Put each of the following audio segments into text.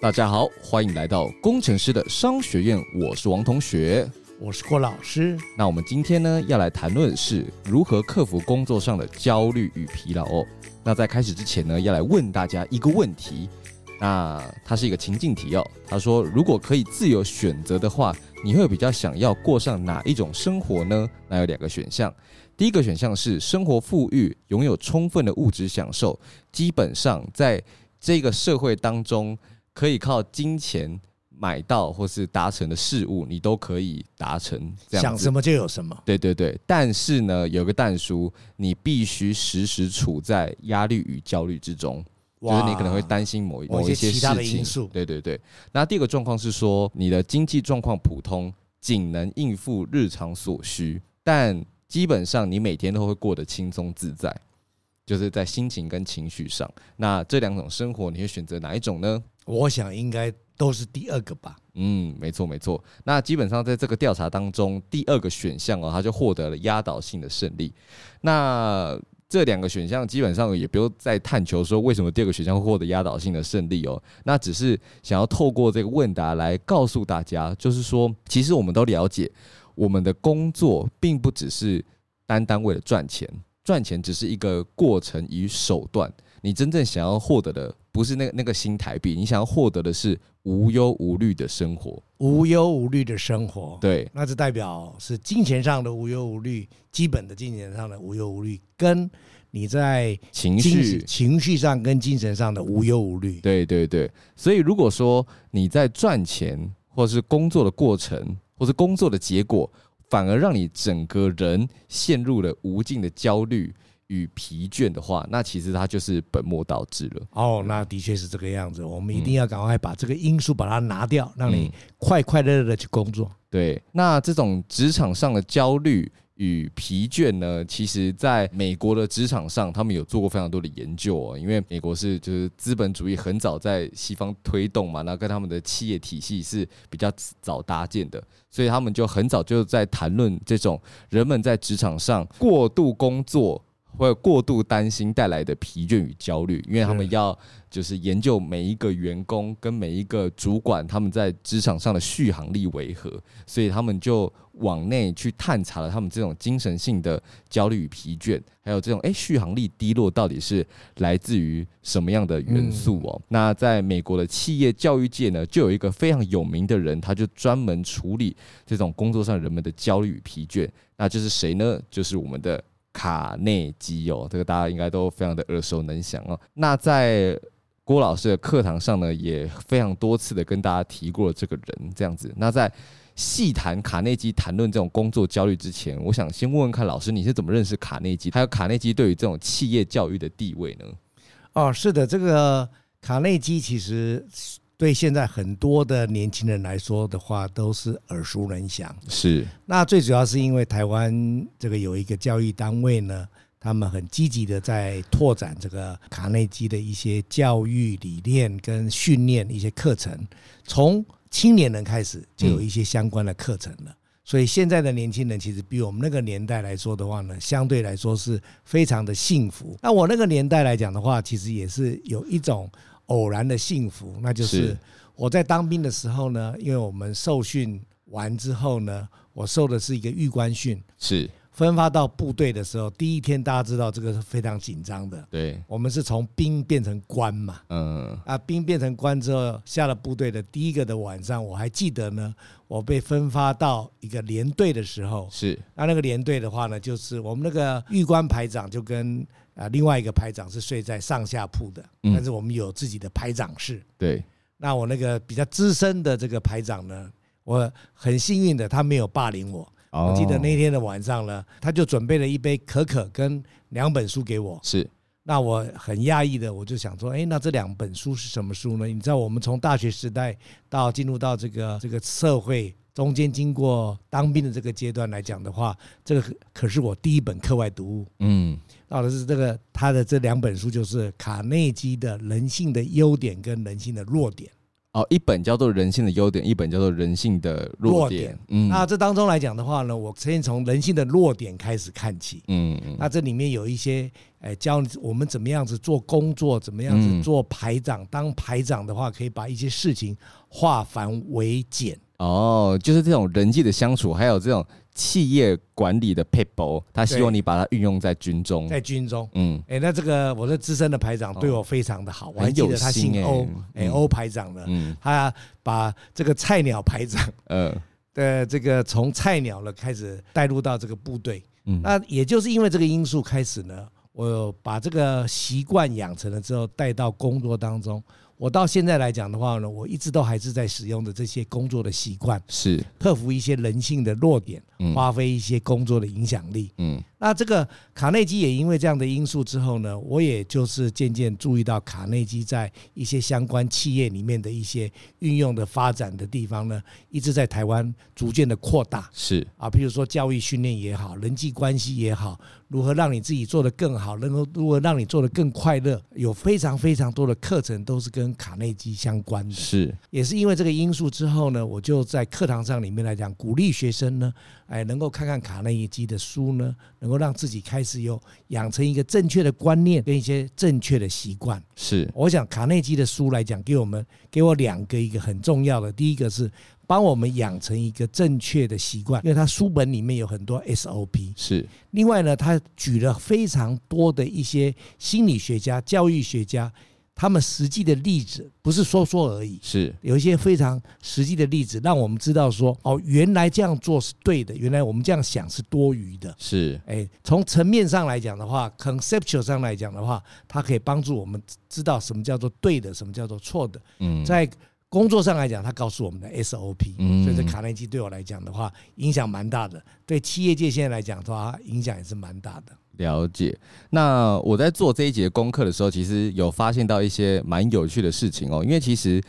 大家好，歡迎來到工程師的商學院。我是王同學，我是郭老師。那我們今天呢，要來談論是如何克服工作上的焦慮與疲勞哦。那在開始之前呢，要來問大家一個問題。那它是一個情境題哦。他說，如果可以自由選擇的話，你會比較想要過上哪一種生活呢？那有兩個選項。第一個選項是生活富裕，擁有充分的物質享受，基本上在這個社會當中。可以靠金錢買到或是達成的事物，你都可以達成。這樣想什麼就有什麼。對對對，但是呢，有個但書，你必須時時處在壓力與焦慮之中，就是你可能會擔心某一某一些其他的因素。對對對。那第二個狀況是說，你的經濟狀況普通，僅能應付日常所需，但基本上你每天都會過得輕鬆自在，就是在心情跟情緒上。那這兩種生活，你會選擇哪一種呢？我想應該都是第二個吧。嗯，沒錯沒錯。那基本上在這個調查當中，第二個選項哦，他就獲得了壓倒性的勝利。那這兩個選項基本上也不用再探求說為什麼第二個選項獲得壓倒性的勝利哦。那只是想要透過這個問答來告訴大家，就是說，其實我們都了解，我們的工作並不只是單單為了賺錢，賺錢只是一個過程與手段。你真正想要獲得的。不是那個那個新台幣，你想要獲得的是無憂無慮的生活。無憂無慮的生活，對，那就代表是金錢上的無憂無慮，基本的金錢上的無憂無慮，跟你在情緒情緒緒上跟精神上的無憂無慮。對對對，所以如果說你在賺錢或是工作的過程或是工作的結果，反而讓你整個人陷入了無盡的焦慮，與疲倦的話，那其實它就是本末倒置了。哦，那的確是這個樣子。我們一定要趕快把這個因素把它拿掉，嗯、讓你快快樂樂的去工作，嗯。對，那這種職場上的焦慮與疲倦呢，其實在美國的職場上，他們有做過非常多的研究啊、哦。因為美國是就是資本主義很早在西方推動嘛，那跟他們的企業體系是比較早搭建的，所以他們就很早就在談論這種人們在職場上過度工作，會過度擔心帶來的疲倦與焦慮，因為他們要就是研究每一個員工跟每一個主管他們在職場上的續航力為何，所以他們就往內去探查了他們這種精神性的焦慮與疲倦，還有這種哎、欸、續航力低落到底是來自於什麼樣的元素哦、喔？嗯、那在美國的企業教育界呢，就有一個非常有名的人，他就專門處理這種工作上人們的焦慮與疲倦，那就是誰呢？就是我們的。卡內基哦，這個大家應該都非常的耳熟能詳哦。那在郭老師的課堂上呢，也非常多次的跟大家提過這個人，這樣子。那在細談卡內基談論這種工作焦慮之前，我想先問問看老師，你是怎麼認識卡內基？還有卡內基對於這種企業教育的地位呢？哦，是的，這個卡內基其實。對現在很多的年輕人來說的話，都是耳熟能詳。是，那最主要是因為台灣這個有一個教育單位呢，他們很積極的在拓展這個卡內基的一些教育理念跟訓練一些課程，從青年人開始就有一些相關的課程了。嗯。所以現在的年輕人其實比我們那個年代來說的話呢，相對來說是非常的幸福。那我那個年代來講的話，其實也是有一種。偶然的幸福，那就是我在當兵的時候呢，因為我們受訓完之後呢，我受的是一個預官訓。是。分發到部隊的時候，第一天大家知道這個是非常緊張的。對，我們是從兵變成官嘛。嗯。啊，兵變成官之後，下了部隊的第一個的晚上，我還記得呢。我被分發到一個連隊的時候，是。那那個連隊的話呢，就是我們那個預官排長就跟啊另外一個排長是睡在上下鋪的，但是我們有自己的排長室。對、嗯。那我那個比較資深的這個排長呢，我很幸運的，他沒有霸凌我。我記得那天的晚上呢，oh, 他就準備了一杯可可跟兩本書給我。是，那我很訝異的，我就想說，哎、欸，那這兩本書是什麼書呢？你知道，我們從大學時代到進入到這個這個社會中間，經過當兵的這個階段來講的話，這個可是我第一本課外讀物。嗯，到的是這個他的這兩本書，就是卡內基的《人性的優點》跟《人性的弱點》。哦，一本叫做《人性的優點》，一本叫做《人性的弱點》弱點。嗯，那這當中來講的話呢，我先從人性的弱點開始看起。嗯，那這裡面有一些，誒、欸，教我們怎麼樣子做工作，怎麼樣子做排長。嗯、當排長的話，可以把一些事情化繁為簡。哦，就是這種人際的相處，還有這種。企業管理的 people，他希望你把它運用在軍中，在軍中，嗯、欸，那這個我的資深的排長對我非常的好，哦、很有心哎，我還記得他姓歐、嗯、欸、歐排長呢，嗯、他把這個菜鳥排長，呃的這個從菜鳥呢開始帶入到這個部隊，嗯、呃，那也就是因為這個因素開始呢，我有把這個習慣養成了之後，帶到工作當中。我到現在來講的話呢，我一直都還是在使用的這些工作的習慣，是克服一些人性的弱點，發揮一些工作的影響力，嗯，嗯。嗯那這個卡內基也因為這樣的因素之後呢，我也就是漸漸注意到卡內基在一些相關企業裡面的一些運用的發展的地方呢，一直在台灣逐漸的擴大。是啊，比如說教育訓練也好，人際關係也好，如何讓你自己做得更好，能夠如何讓你做得更快樂，有非常非常多的課程都是跟卡內基相關的。是，也是因為這個因素之後呢，我就在課堂上裡面來講，鼓勵學生呢，哎，能夠看看卡內基的書呢。能夠讓自己開始有養成一個正確的觀念跟一些正確的習慣，是我想卡內基的書來講，給我們給我兩個一個很重要的，第一個是幫我們養成一個正確的習慣，因為他書本裡面有很多 SOP，是另外呢，他舉了非常多的一些心理學家、教育學家。他們實際的例子不是說說而已，是有一些非常實際的例子，讓我們知道說哦，原來這樣做是對的，原來我們這樣想是多餘的。是，誒，從層面上來講的話，conceptual 上來講的話，它可以幫助我們知道什麼叫做對的，什麼叫做錯的。嗯，在工作上來講，它告訴我們的 SOP。嗯，所以這卡內基對我來講的話，影響蠻大的。對企業界現在來講的話，影響也是蠻大的。了解，那我在做這一節功課的時候，其實有發現到一些蠻有趣的事情哦，因為其實。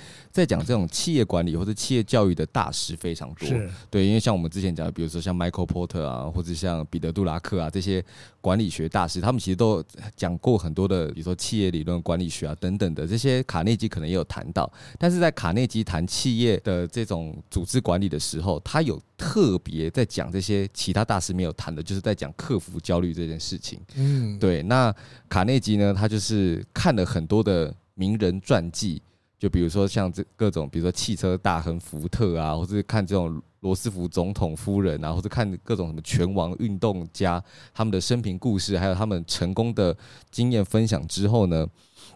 在講這種企業管理或者企業教育的大師非常多，對，因為像我們之前講的，比如說像 Michael Porter 啊，或者像彼得·杜拉克啊這些管理學大師，他們其實都講過很多的，比如說企業理論、管理學啊等等的。這些卡內基可能也有談到，但是在卡內基談企業的這種組織管理的時候，他有特別在講這些其他大師沒有談的，就是在講克服焦慮這件事情。嗯，對。那卡內基呢，他就是看了很多的名人傳記。就比如說像這各種，比如說汽車大亨福特啊，或者是看這種羅斯福總統夫人啊，或者是看各種什麼拳王、運動家他們的生平故事，還有他們成功的經驗分享之後呢，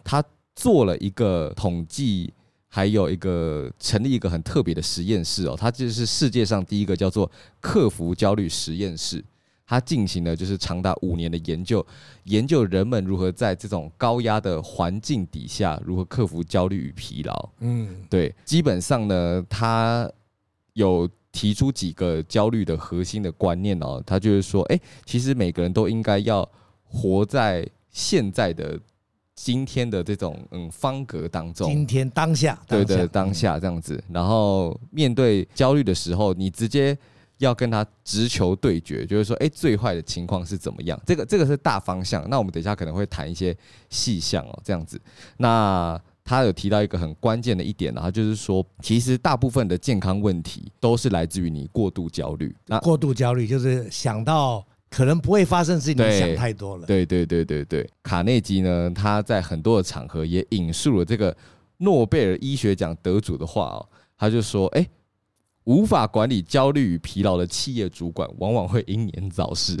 他做了一個統計，還有一個成立一個很特別的實驗室哦，他就是世界上第一個叫做克服焦慮實驗室。他進行了就是長達五年的研究，研究人們如何在這種高壓的環境底下如何克服焦慮與疲勞。嗯，對，基本上呢，他有提出幾個焦慮的核心的觀念哦。他就是說，哎、欸，其實每個人都應該要活在現在的、今天的這種嗯方格當中，今天當下，當下對的當下、嗯、當下這樣子。然後面對焦慮的時候，你直接，要跟他直球對決，就是說，哎，最壞的情況是怎麼樣？這個這個是大方向。那我們等一下可能會談一些細項哦，這樣子。那他有提到一個很關鍵的一點，然後就是說，其實大部分的健康問題都是來自於你過度焦慮。那過度焦慮就是想到可能不會發生事情，你想太多了。對對對對對，對。卡內基呢，他在很多的場合也引述了這個諾貝爾醫學獎得主的話哦、喔，他就說，哎。無法管理焦慮與疲勞的企業主管，往往會英年早逝。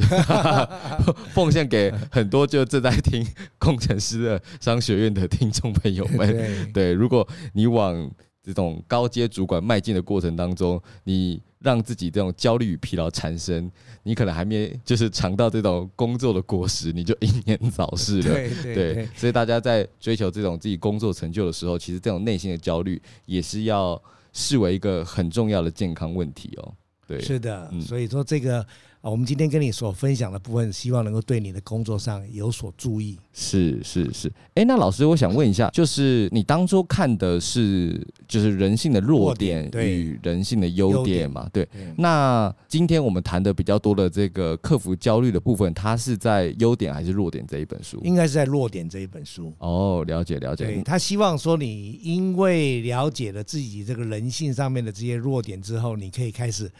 奉獻給很多就正在聽工程師的商學院的聽眾朋友們，對，如果你往這種高階主管邁進的過程當中，你讓自己這種焦慮與疲勞產生，你可能還沒就是嘗到這種工作的果實，你就英年早逝了。對，所以大家在追求這種自己工作成就的時候，其實這種內心的焦慮也是要。視為一個很重要的健康問題哦，對，是的，所以說這個。我們今天跟你所分享的部分，希望能夠對你的工作上有所注意。是。是是是，誒、欸，那老師，我想問一下，就是你當初看的是就是人性的弱點與人性的優點嘛？點，對，那今天我們談的比較多的這個克服焦慮的部分，它是在優點還是弱點這一本書？應該是在弱點這一本書。哦，了解了解。他希望說你因為了解了自己這個人性上面的這些弱點之後，你可以開始。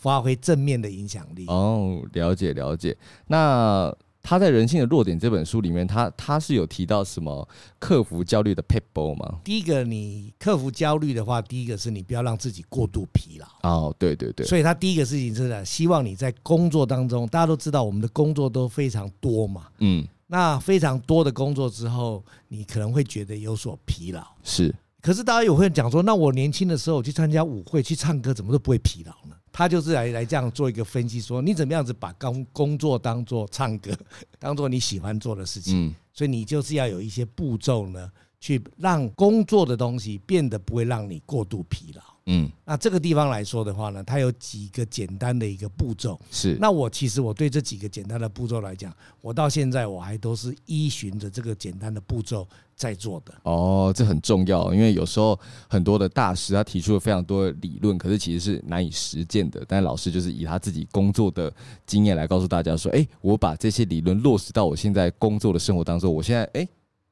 發揮正面的影響力。哦，了解了解。那他在《人性的弱點》這本書裡面，他他是有提到什麼克服焦慮的撇步嗎？第一個，你克服焦慮的話，第一個是你不要讓自己過度疲勞。哦，對對對。所以他第一個事情是呢，希望你在工作當中，大家都知道我們的工作都非常多嘛。嗯。那非常多的工作之後，你可能會覺得有所疲勞。是。可是大家有會講說，那我年輕的時候去參加舞會去唱歌，怎麼都不會疲勞呢？他就是來來這樣做一個分析，說你怎麼樣子把工工作當做唱歌，當做你喜歡做的事情，所以你就是要有一些步驟呢，去讓工作的東西變得不會讓你過度疲勞。嗯，那這個地方來說的話呢，它有幾個簡單的一個步驟。是，那我其實我對這幾個簡單的步驟來講，我到現在我還都是依循着這個簡單的步驟在做的。哦，這很重要，因為有時候很多的大師他提出了非常多的理論，可是其實是難以實踐的。但老師就是以他自己工作的經驗來告訴大家說，哎、欸，我把這些理論落實到我現在工作的生活當中，我現在哎、欸、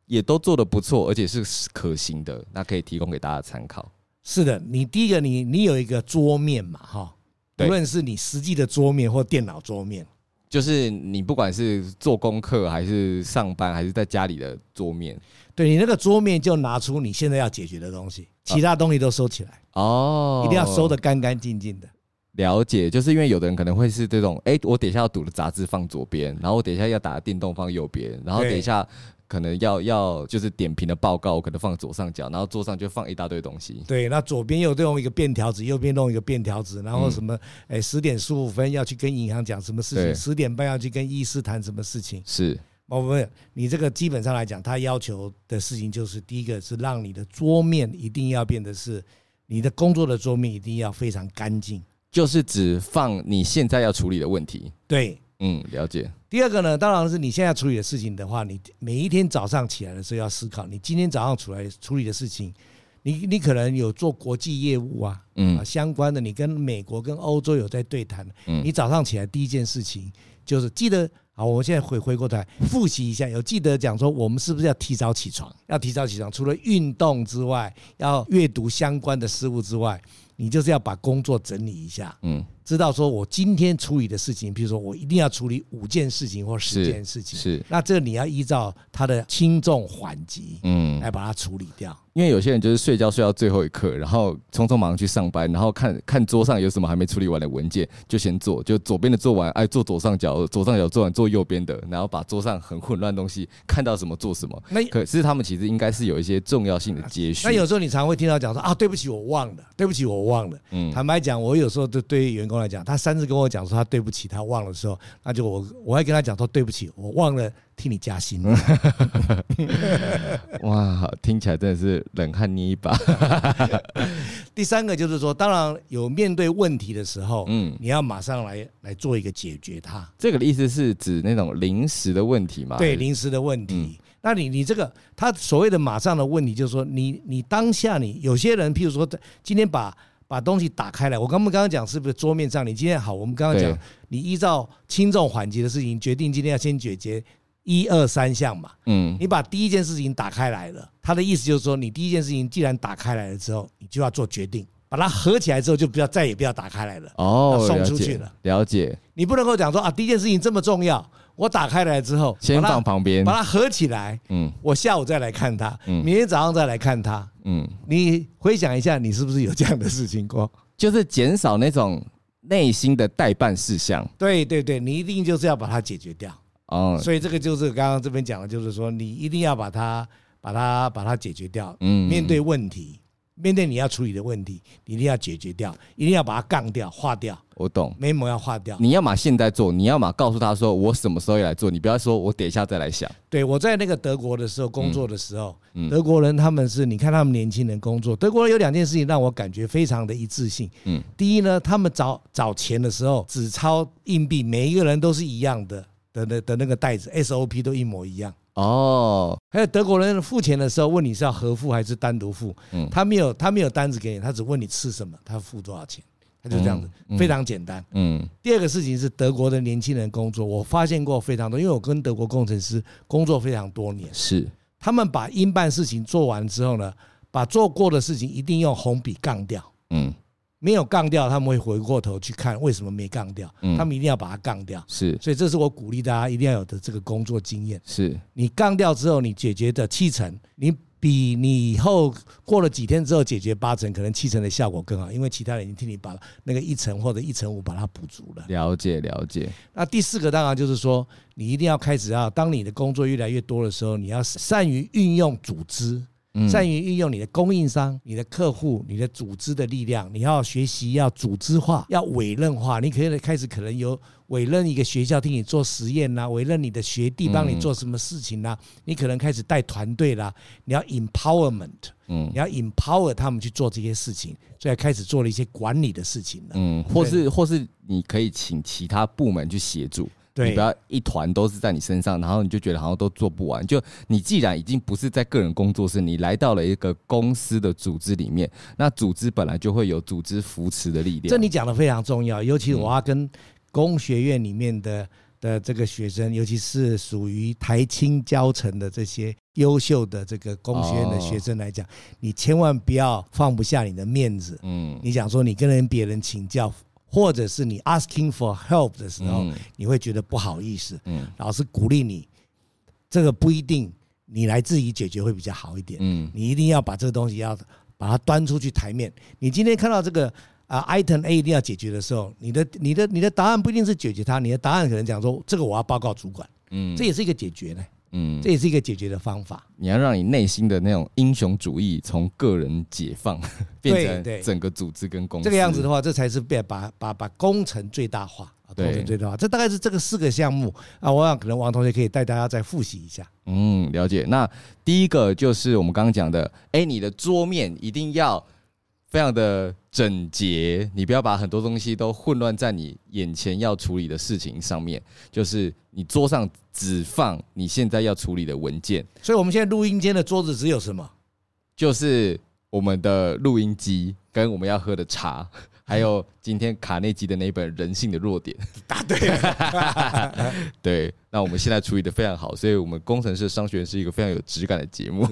也都做得不錯，而且是可行的，那可以提供給大家參考。是的，你第一個你、你、你有一個桌面嘛，哈對，無論是你實際的桌面或電腦桌面，就是你不管是做功課還是上班還是在家裡的桌面，對你那個桌面就拿出你現在要解決的東西，其他東西都收起來、啊、哦，一定要收得乾乾淨淨的。了解，就是因為有的人可能會是這種，哎、欸，我等一下要讀的雜誌放左邊，然後我等一下要打的電動放右邊，然後等一下。可能要要就是點評的報告，我可能放左上角，然後桌上就放一大堆東西。對，那左邊又弄一個便條紙，右邊弄一個便條紙，然後什麼，哎，嗯，欸，十點十五分要去跟銀行講什麼事情，十對點半要去跟醫師談什麼事情。是，我問你，這個基本上來講，他要求的事情就是，第一個是讓你的桌面一定要變得是你的工作的桌面一定要非常乾淨，就是只放你現在要處理的問題。對。嗯，了解。第二個呢，當然是你現在處理的事情的話，你每一天早上起來的時候要思考，你今天早上出來處理的事情，你你可能有做國際業務啊，嗯啊，相關的，你跟美國、跟歐洲有在對談，嗯，你早上起來第一件事情就是記得，好，我現在回回過頭來複習一下，有記得講說，我們是不是要提早起床，要提早起床，除了運動之外，要閱讀相關的事物之外，你就是要把工作整理一下，嗯。知道說，我今天處理的事情，比如說我一定要處理五件事情或十件事情，是，是。那這個你要依照它的輕重緩急，嗯，來把它處理掉。嗯因為有些人就是睡覺睡到最後一刻，然後匆匆忙去上班，然後看看桌上有什麼還沒處理完的文件就先做，就左邊的做完，哎，做左上角，左上角做完，做右邊的，然後把桌上很混亂東西看到什麼做什麼。那可是他們其實應該是有一些重要性的接續那。那有時候你常會聽到講說啊，對不起，我忘了，對不起，我忘了。嗯，坦白講，我有時候對對員工來講，他三次跟我講說他對不起，他忘了的時候，那就我我還跟他講說對不起，我忘了。替你加薪，哇，好，聽起來真的是冷汗捏一把。 第三個就是說，當然有面對問題的時候，嗯，你要馬上來來做一個解決它。這個的意思是指那種臨時的問題嘛？對，臨時的問題。嗯、那你你這個，他所謂的馬上的問題，就是說你，你你當下你有些人，譬如說，今天把把東西打開來。我剛我們剛剛講是不是桌面上？你今天好，我們剛剛講，對你依照輕重緩急的事情決定今天要先解決。一二三項嘛，嗯，你把第一件事情打開來了，他的意思就是說，你第一件事情既然打開來了之後，你就要做決定，把它合起來之後，就不要，再也不要打開來了，哦，送出去了，了解。你不能夠講說啊，第一件事情這麼重要，我打開來之後，先放旁邊，把它合起來，嗯，我下午再來看它，明天早上再來看它，嗯，你回想一下，你是不是有這樣的事情過？就是減少那種內心的待辦事項。對對對，你一定就是要把它解決掉。哦，oh、所以這個就是剛剛這邊講的，就是說你一定要把它、把它、把它解決掉。嗯，面對問題，嗯嗯嗯面對你要處理的問題，你一定要解決掉，一定要把它幹掉、化掉。我懂，眉毛要化掉。你要嘛現在做，你要嘛告訴他說我什麼時候要來做。你不要說我等一下再來想。對，對我在那個德國的時候工作的時候，嗯嗯嗯德國人他們是你看他們年輕人工作，德國人有兩件事情讓我感覺非常的一致性。嗯，嗯，第一呢，他們找找錢的時候只抄硬幣，每一個人都是一樣的。的的的那個袋子 SOP 都一模一樣哦，oh、還有德國人付錢的時候問你是要合付還是單獨付，嗯、他沒有他沒有單子給你，他只問你吃什麼，他付多少錢，他就這樣子、嗯、非常簡單，嗯。第二個事情是德國的年輕人工作，我發現過非常多，因為我跟德國工程師工作非常多年，是他們把應辦事情做完之後呢，把做過的事情一定用紅筆槓掉，嗯。沒有槓掉，他們會回過頭去看為什麼沒槓掉，嗯、他們一定要把它槓掉。是，所以這是我鼓勵大家一定要有的這個工作經驗。是，你槓掉之後，你解決的七成，你比你以後過了幾天之後解決八成，可能七成的效果更好，因為其他人已經替你把那個一成或者一成五把它補足了。了解，了解。那第四個當然就是說，你一定要開始啊，當你的工作越來越多的時候，你要善於運用組織。嗯、善於運用你的供應商、你的客戶、你的組織的力量。你要學習要組織化、要委任化。你可以開始可能由委任一個學校替你做實驗吶、啊，委任你的學弟幫你做什麼事情吶、啊。嗯、你可能開始帶團隊啦，你要 empowerment，嗯、你要 empower 他們去做這些事情，所以開始做了一些管理的事情、啊、嗯，所以、或是或是你可以請其他部門去協助。你不要一團都是在你身上，然後你就覺得好像都做不完。就你既然已經不是在個人工作室，你來到了一個公司的組織裡面，那組織本來就會有組織扶持的力量。這你講的非常重要，尤其我要跟工學院裡面的的這個學生，尤其是屬於台清交成的這些優秀的這個工學院的學生來講，你千萬不要放不下你的面子。嗯，你想說你跟人別人請教。或者是你 asking for help 的時候，嗯、你會覺得不好意思。嗯、老師鼓勵你，這個不一定，你來自己解決會比較好一點。嗯、你一定要把這個東西要把它端出去台面。你今天看到這個啊，item A 一定要解決的時候，你的你的你的答案不一定是解決它，你的答案可能講說這個我要報告主管，嗯，這也是一個解決呢。嗯，這也是一個解決的方法。你要讓你內心的那種英雄主義從個人解放變成整個組織跟工程。這個樣子的話，這才是變把把把，把工程最大化，對工程最大化。這大概是這個四個項目啊。我想可能王同學可以帶大家再複習一下。嗯，了解。那第一個就是我們剛剛講的，哎、欸，你的桌面一定要非常的整潔，你不要把很多東西都混亂在你眼前要處理的事情上面，就是。你桌上只放你現在要處理的文件，所以，我們現在錄音間的桌子只有什麼？就是我們的錄音機跟我們要喝的茶，還有今天卡內基的那一本《人性的弱點》。答對了，對。那我們現在處理得非常好，所以我們工程師商學院是一個非常有質感的節目。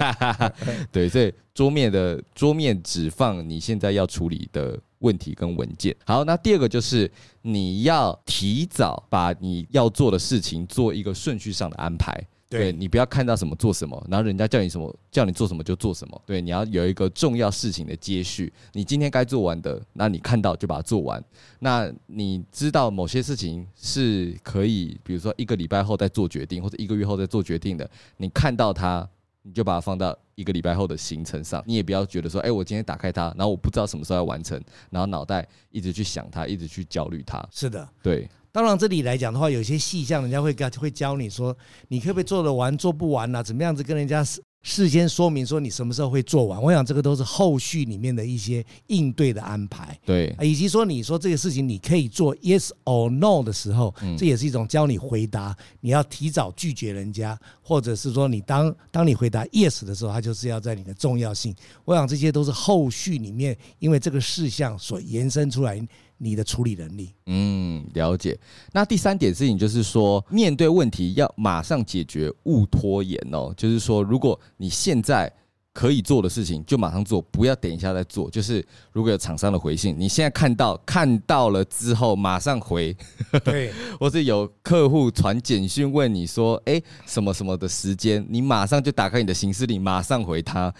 對，所以桌面的桌面只放你現在要處理的。問題跟文件。好，那第二個就是你要提早把你要做的事情做一個順序上的安排。對，對，你不要看到什麼做什麼，然後人家叫你什麼叫你做什麼就做什麼。對，你要有一個重要事情的接續。你今天該做完的，那你看到就把它做完。那你知道某些事情是可以，比如說一個禮拜後再做決定，或者一個月後再做決定的，你看到它。你就把它放到一個禮拜後的行程上，你也不要覺得說，哎，我今天打開它，然後我不知道什麼時候要完成，然後腦袋一直去想它，一直去焦慮它。是的，對。當然，這裡來講的話，有些細項，人家會跟會教你說，你可不可以做得完？做不完啊，怎麼樣子跟人家事先說明說你什麼時候會做完，我想這個都是後續裡面的一些應對的安排。對，以及說你說這個事情你可以做 yes or no 的時候，這也是一種教你回答，你要提早拒絕人家，或者是說你當當你回答 yes 的時候，他就是要在你的重要性。我想這些都是後續裡面，因為這個事項所延伸出來的。你的處理能力，嗯，了解。那第三點事情就是說，面對問題要馬上解決，勿拖延哦。就是說，如果你現在可以做的事情，就馬上做，不要等一下再做。就是如果有廠商的回信，你現在看到看到了之後，馬上回。對，或 是有客戶傳簡訊問你說：“哎，什麼什麼的時間？”你馬上就打開你的行事曆，馬上回他，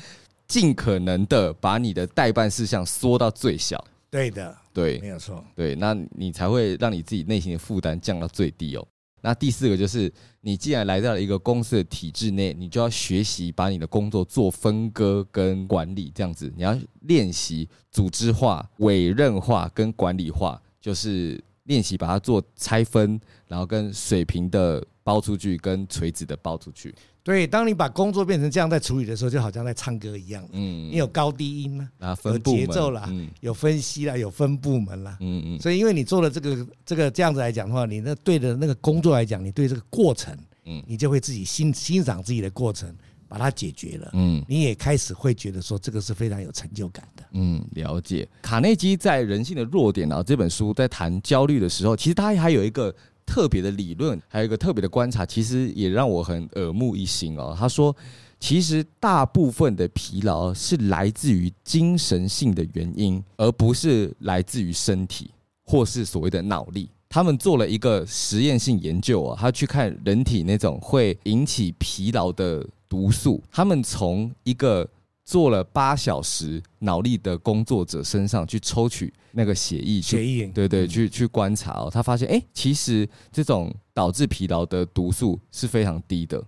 盡可能的把你的待辦事項縮到最小。對的。對，沒有錯。對，那你才會讓你自己內心的負擔降到最低哦。那第四個就是，你既然來到了一個公司的體制內，你就要學習把你的工作做分割跟管理，這樣子，你要練習組織化、委任化跟管理化，就是練習把它做拆分，然後跟水平的包出去，跟垂直的包出去。對，當你把工作變成這樣在處理的時候，就好像在唱歌一樣，嗯，嗯，你有高低音啦，啊，啊，分節、啊、奏啦、啊，嗯，有分析啦、啊，有分部門啦、啊，嗯嗯，所以因為你做了這個這個這樣子來講的話，你那對的那個工作來講，你對這個過程，嗯，你就會自己欣欣賞自己的過程，把它解決了，嗯，你也開始會覺得說這個是非常有成就感的，嗯，了解。卡內基在《人性的弱點》啊這本書在談焦慮的時候，其實他還有一個。特別的理論，還有一個特別的觀察，其實也讓我很耳目一新哦。他說，其實大部分的疲勞是來自於精神性的原因，而不是來自於身體或是所謂的腦力。他們做了一個實驗性研究啊、哦，他去看人體那種會引起疲勞的毒素，他們從一個。做了八小時腦力的工作者身上去抽取那個血液，血液對對，去去觀察哦、喔，他發現誒、欸，其實這種導致疲勞的毒素是非常低的，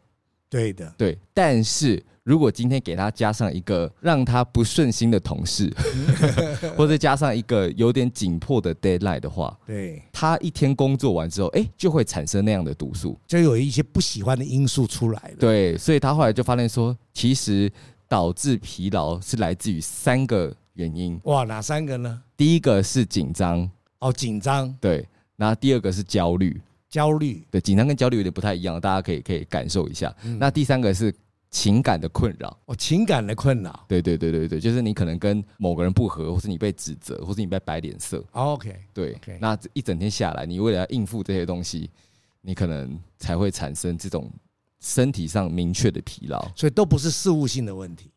對的，對。但是如果今天給他加上一個讓他不順心的同事， 或者加上一個有點緊迫的 deadline 的話，對，他一天工作完之後，誒，就會產生那樣的毒素，就有一些不喜歡的因素出來了。對，所以他後來就發現說，其實。導致疲勞是來自於三個原因。哇，哪三個呢？第一個是緊張哦，緊張。對，那第二個是焦慮，焦慮。對，緊張跟焦慮有點不太一樣，大家可以可以感受一下。那第三個是情感的困擾哦，情感的困擾。對對對對對，對，就是你可能跟某個人不合，或是你被指責，或是你被擺臉色。OK，對，那一整天下來，你為了要應付這些東西，你可能才會產生這種。身體上明確的疲勞，所以都不是事務性的問題，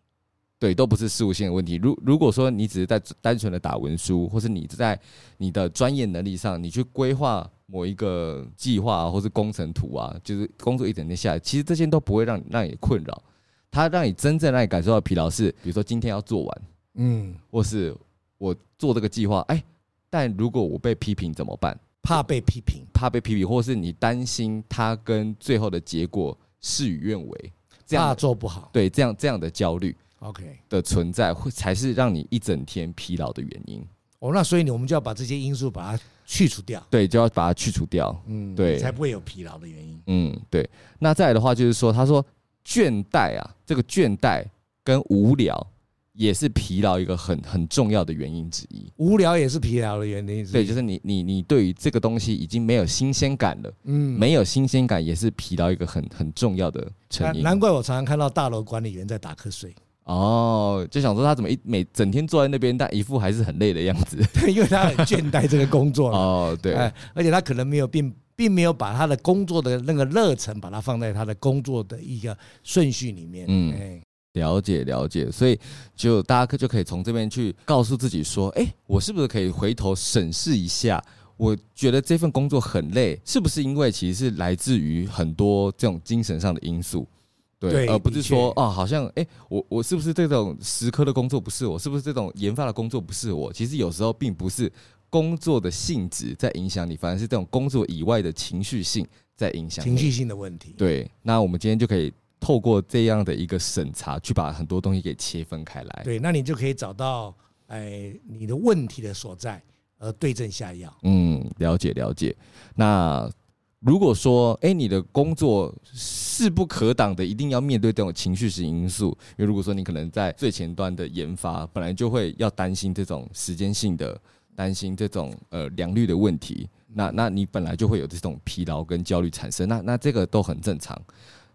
對，都不是事務性的問題。如如果說你只是在單純的打文書，或是你在你的專業能力上，你去規劃某一個計劃或是工程圖啊，就是工作一整天下來，其實這些都不會讓你讓你困擾。它讓你真正讓你感受到疲勞是，比如說今天要做完，嗯，或是我做這個計劃，哎，但如果我被批評怎麼辦？怕被批評，怕被批評，或是你擔心它跟最後的結果。事與願違，這樣做不好。對，這樣這樣的焦慮，OK 的存在，會才是讓你一整天疲勞的原因。哦，那所以你我們就要把這些因素把它去除掉。對，就要把它去除掉。嗯，對，才不會有疲勞的原因。嗯，對。那再來的話就是說，他說倦怠啊，這個倦怠跟無聊。也是疲勞一個很很重要的原因之一，無聊也是疲勞的原因之一。對，就是你你你對於這個東西已經沒有新鮮感了，嗯，沒有新鮮感也是疲勞一個很很重要的成因。難怪我常常看到大樓管理員在打瞌睡。哦，就想說他怎麼一每整天坐在那邊，但一副還是很累的樣子。 因為他很倦怠這個工作哦，對。哎，而且他可能沒有並並沒有把他的工作的那個熱忱，把它放在他的工作的一個順序裡面。嗯。了解了解，所以就大家可就可以從這邊去告訴自己說：哎，我是不是可以回頭審視一下？我覺得這份工作很累，是不是因為其實是來自於很多這種精神上的因素？對、呃，而不是說哦、啊，好像哎、欸，我我是不是這種時刻的工作不適合我？是不是這種研發的工作不適合我？其實有時候並不是工作的性質在影響你，反而是這種工作以外的情緒性在影響情緒性的問題。對，那我們今天就可以。透過這樣的一個審查，去把很多東西給切分開來、嗯。對，那你就可以找到哎、呃，你的問題的所在，而對症下藥。嗯，了解了解。那如果說哎、欸，你的工作勢不可擋的，一定要面對這種情緒性因素，因為如果說你可能在最前端的研發，本來就會要擔心這種時間性的，擔心這種呃良率的問題。那那你本來就會有這種疲勞跟焦慮產生。那那這個都很正常。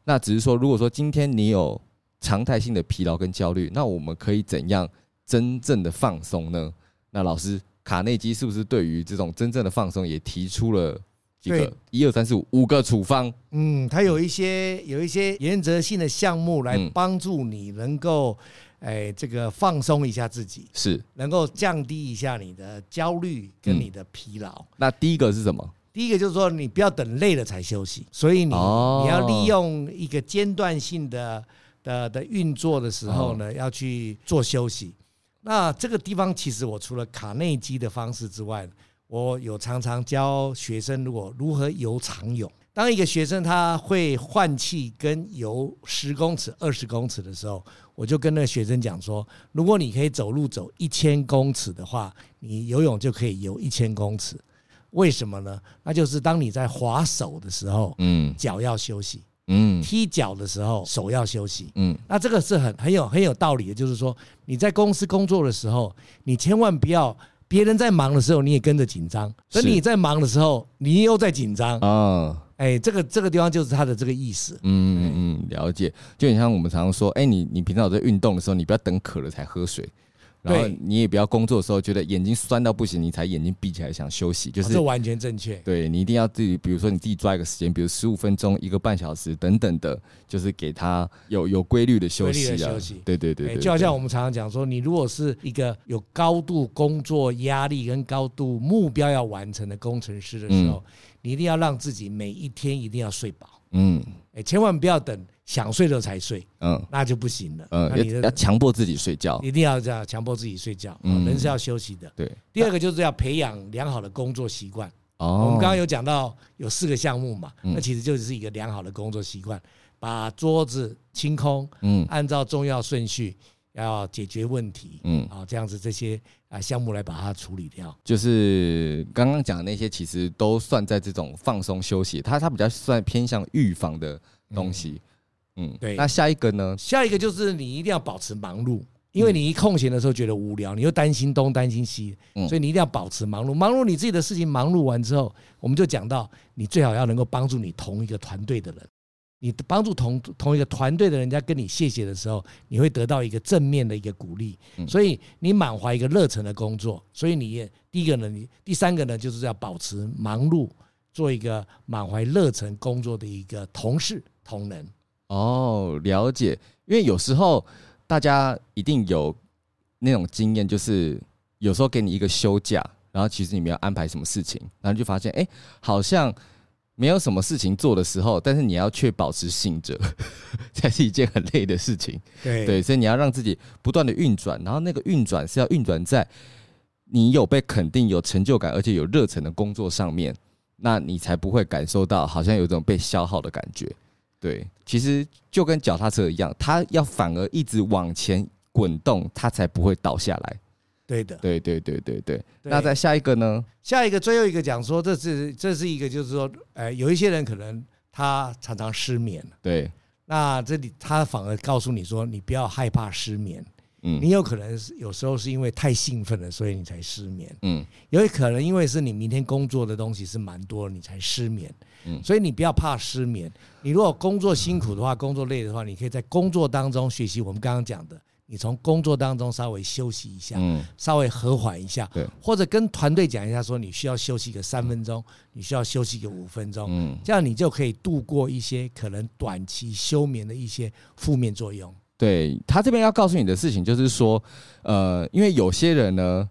那只是說，如果說今天你有常態性的疲勞跟焦慮，那我們可以怎樣真正的放鬆呢？那老師，卡內基是不是對於這種真正的放鬆也提出了幾個一二三四五五個處方？嗯，他有一些有一些原則性的項目來幫助你能夠誒、欸、這個放鬆一下自己，是能夠降低一下你的焦慮跟你的疲勞、嗯。那第一個是什麼？第一個就是說，你不要等累了才休息，所以你、哦、你要利用一個間斷性的的的運作的時候呢，要去做休息。那這個地方其實我除了卡內基的方式之外，我有常常教學生如果如何游長泳。當一個學生他會換氣跟游十公尺、二十公尺的時候，我就跟那個學生講說，如果你可以走路走一千公尺的話，你游泳就可以游一千公尺。為什麼呢？那就是當你在滑手的時候，嗯，腳要休息，嗯，嗯踢腳的時候手要休息，嗯，那這個是很很有很有道理的。就是說你在公司工作的時候，你千萬不要別人在忙的時候你也跟着緊張。等是你在忙的時候，你又在緊張啊！哎、哦欸，這個這個地方就是他的這個意思。嗯嗯，嗯對了解。就你像我們常常說，哎、欸，你你平常有在運動的時候，你不要等渴了才喝水。對，然後你也不要工作的時候覺得眼睛酸到不行，你才眼睛閉起來想休息，就是這完全正確。對，你一定要自己，比如說你自己抓一個時間，比如十五分鐘、一個半小時等等的，就是給他有有規律的休息。規律休息，對對對就好像我們常常講說，你如果是一個有高度工作壓力跟高度目標要完成的工程師的時候，你一定要讓自己每一天一定要睡飽。嗯，哎，千萬不要等。想睡了才睡，嗯，那就不行了。嗯，要要強迫自己睡覺，一定要這樣強迫自己睡覺。嗯，人是要休息的。對。第二個就是要培養良好的工作習慣。哦。我們剛剛有講到有四個項目嘛，那其實就是一個良好的工作習慣，把桌子清空，嗯，按照重要順序要解決問題，嗯，好這樣子這些啊項目來把它處理掉。就是剛剛講的那些，其實都算在這種放鬆休息，它它比較算偏向預防的東西。嗯，對，那下一個呢？下一個就是你一定要保持忙碌，嗯、因為你一空閒的時候覺得無聊，你又擔心東擔心西，嗯、所以你一定要保持忙碌。忙碌你自己的事情，忙碌完之後，我們就講到你最好要能夠幫助你同一個團隊的人。你幫助同同一個團隊的人家跟你謝謝的時候，你會得到一個正面的一個鼓勵。所以你滿懷一個熱忱的工作，所以你也第一個呢，你第三個呢，就是要保持忙碌，做一個滿懷熱忱工作的一個同事同仁。哦，了解。因為有時候大家一定有那種經驗，就是有時候給你一個休假，然後其實你沒有安排什麼事情，然後你就發現，哎、欸，好像沒有什麼事情做的時候，但是你要去保持醒著，才是一件很累的事情。對、對，所以你要讓自己不斷的運轉，然後那個運轉是要運轉在你有被肯定、有成就感，而且有熱忱的工作上面，那你才不會感受到好像有一種被消耗的感覺。對，其實就跟腳踏車一樣，它要反而一直往前滾動，它才不會倒下來。對的，對對對對對。對那再下一個呢？下一個最後一個講說，這是這是一個，就是說，呃，有一些人可能他常常失眠。對，那這裡他反而告訴你說，你不要害怕失眠。嗯，你有可能是有時候是因為太興奮了，所以你才失眠。嗯，有可能因為是你明天工作的東西是蠻多，你才失眠。所以你不要怕失眠。你如果工作辛苦的話，工作累的話，你可以在工作當中學習我們剛剛講的，你從工作當中稍微休息一下，嗯，稍微和緩一下，對，或者跟團隊講一下，說你需要休息個三分鐘，你需要休息個五分鐘，嗯，這樣你就可以度過一些可能短期休眠的一些負面作用。對，他這邊要告訴你的事情就是說，呃，因為有些人呢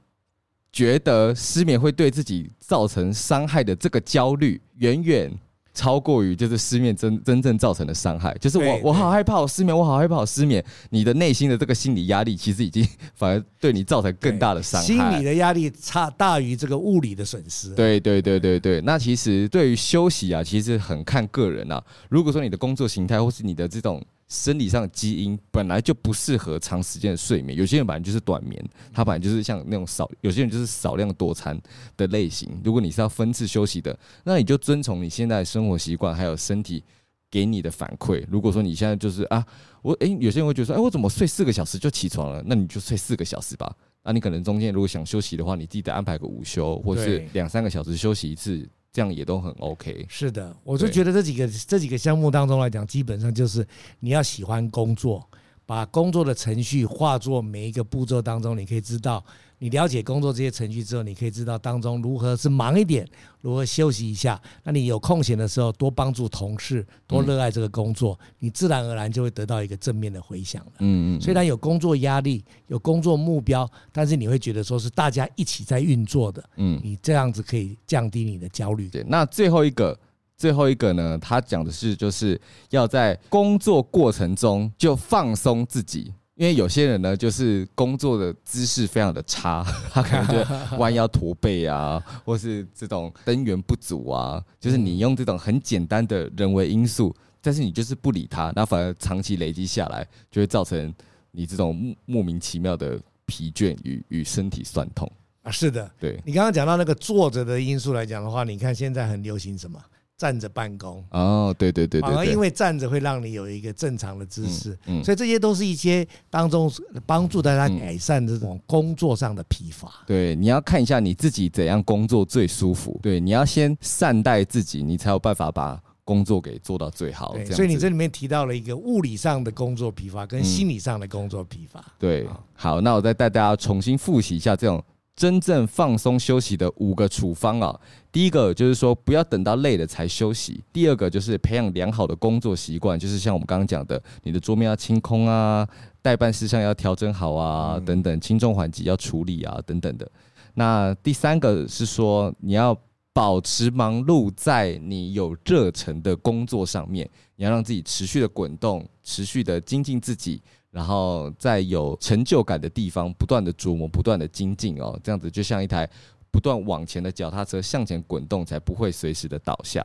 覺得失眠會對自己造成傷害的這個焦慮，遠遠。超過於就是失眠真真正造成的傷害，就是我對對對對我好害怕我失眠，我好害怕我失眠。你的內心的這個心理壓力，其實已經反而對你造成更大的傷害。心理的壓力差大於這個物理的損失。對對對對對，對，那其實對於休息啊，其實很看個人吶、啊。如果說你的工作形態，或是你的這種。生理上的基因本來就不適合長時間的睡眠，有些人反正就是短眠，他本來就是像那種少，有些人就是少量多餐的類型。如果你是要分次休息的，那你就遵從你現在的生活習慣，還有身體給你的反饋。如果說你現在就是啊，我誒、欸，有些人會覺得說，誒，我怎麼睡四個小時就起床了？那你就睡四個小時吧、啊。那你可能中間如果想休息的話，你自己得安排個午休，或是兩三個小時休息一次。這樣也都很 OK。是的，我就覺得這幾個對這幾個項目當中來講，基本上就是你要喜歡工作，把工作的程序化作每一個步驟當中，你可以知道。你了解工作這些程序之後，你可以知道當中如何是忙一點，如何休息一下。那你有空閒的時候，多幫助同事，多熱愛這個工作，嗯、你自然而然就會得到一個正面的回響了。嗯嗯。雖然有工作壓力，有工作目標，但是你會覺得說是大家一起在運作的。嗯。你這樣子可以降低你的焦慮。對。那最後一個，最後一個呢？他講的是，就是要在工作過程中就放鬆自己。因為有些人呢，就是工作的姿勢非常的差，他可能就彎腰駝背啊，或是這種燈源不足啊，就是你用這種很簡單的人為因素，但是你就是不理他，那反而長期累積下來，就會造成你這種莫名其妙的疲倦與與身體酸痛啊。是的，對你剛剛講到那個坐着的因素來講的話，你看現在很流行什麼？站着辦公哦，對對對，對，對，對因為站着會讓你有一個正常的姿勢，嗯嗯、所以這些都是一些當中幫助大家改善這種工作上的疲乏、嗯。對，你要看一下你自己怎樣工作最舒服。對，你要先善待自己，你才有辦法把工作給做到最好。對所以你這裡面提到了一個物理上的工作疲乏跟心理上的工作疲乏。嗯、對，好，那我再帶大家重新複習一下這種。真正放鬆休息的五個處方啊，第一個就是說不要等到累了才休息；第二個就是培養良好的工作習慣，就是像我們剛剛講的，你的桌面要清空啊，待辦事項要調整好啊，等等，輕重緩急要處理啊，等等的。那第三個是說，你要保持忙碌在你有熱忱的工作上面，你要讓自己持續的滾動，持續的精進自己。然後在有成就感的地方，不斷的琢磨，不斷的精進哦，這樣子就像一台不斷往前的腳踏車，向前滾動才不會隨時的倒下。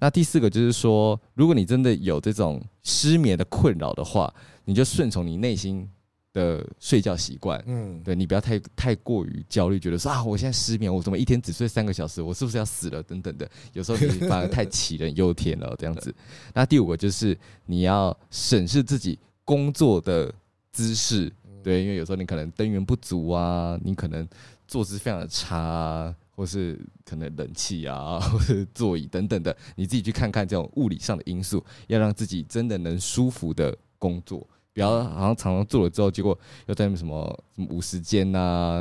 那第四個就是說，如果你真的有這種失眠的困擾的話，你就順從你內心的睡覺習慣，嗯，對，你不要太太過於焦慮，覺得說啊，我現在失眠，我怎麼一天只睡三個小時，我是不是要死了等等的，有時候你反而太杞人憂天了，這樣子。 那第五個就是你要審視自己，工作的姿勢，對，因為有時候你可能燈源不足啊，你可能坐姿非常的差啊，或是可能冷氣啊，或是座椅等等的，你自己去看看這種物理上的因素，要讓自己真的能舒服的工作，不要好像常常做了之後，結果又在什麼什麼五十肩吶，